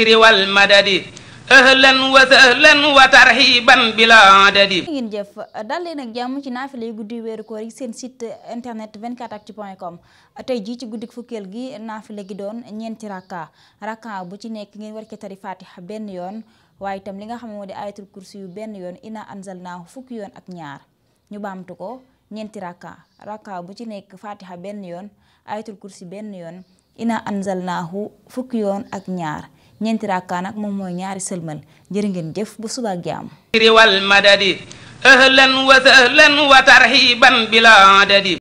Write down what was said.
ma madadi ahlan wa sahlan wa tarhiban bila adadi ngeen jëf dal leen jàmm ci naafila yi guddi weeru koor yi seen site internet 24actu point com tey jii ci guddik fukkeel gi naafila gi doon ñeenti rakka rakka bu ci nekk ngeen war ci tari fatiha benn yoon waaye itam li nga xam moo di ayatul kursi yu benn yoon ina anzalnaahu fukki yoon ak ñaar ñu baamtu ko ñeenti rakka rakka bu ci nekk fatiha benn yoon ayatul kursi benn yoon ina anzalnaahu fukki yoon ak ñaar ñeenti rakkaa nag moom mooy ñaari sëlmal jërë ngeen jëf bu subaa jaam riwal madadi ahlan wa sahlan wa tarhiban bila adadi